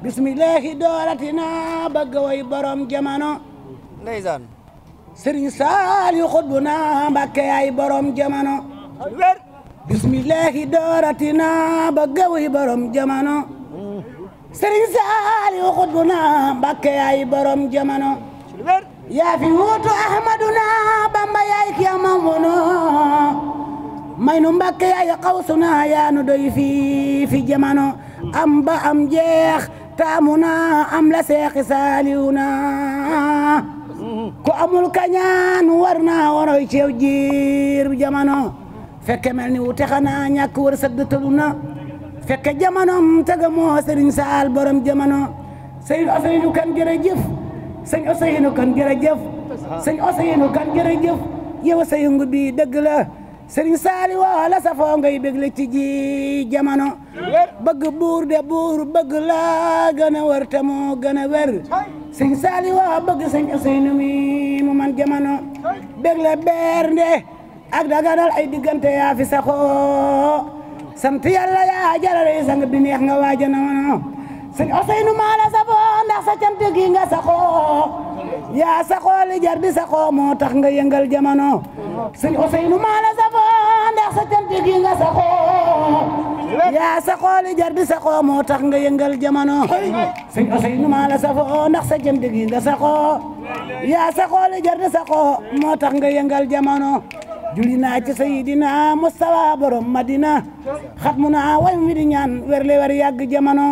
bismillahi dooratina bëgg way borom jamono ndeysaan sëriñ Saaliw xutbu na borom jamono wér bismillahi dooratina bëgg way borom jamono yaa fi wuutu ahmaduna Bamba yaay ki ama wono may nu Mbàkke yaay xawsuna yaa nu doy fi fi am ba am jeex na am la seexi saaliwuna ku amul kañaan war naa waroy ceew jiir jamono fekke mel ni wu wute xanaa ñàkk war sëdd tëlu na fekke jamonom tega moo sëriñ saal borom jamono sëñ Ousseynou Kane jërëjëf sëñ Ousseynou Kane jërëjëf sëñ Ousseynou Kane jërëjëf yow sa yëngu bi dëgg la sëriñ saali woo la safoo ngay bégle ci ji jamono bëgg buur de buur bëgg la gën a wër te moo gën a wër sëriñ saali woo bëgg sëñ Useynu mi mu man jamono bégle bernde ak daganal ay diggante yaa fi saxoo sant yàlla yaa jarale sang bi neex nga waajana wono sëñ Useynu maa la safoo ndax sa cant gi nga saxoo yaa saxoo li jar di saxoo moo tax nga yëngal jamono sëñ Useynu maa la safoo gi nga saxoo yaa saxoo jar di saxoo moo tax nga yëngal jamono sëñ Ousseynou maa la safoo ndax sa jëm dëgg yi nga yaa saxoo jar di saxoo moo tax nga yëngal jamono juli naa ci sayidina Mustafa borom Madina xat mu naa way mi di ñaan wer le wer yàgg jamono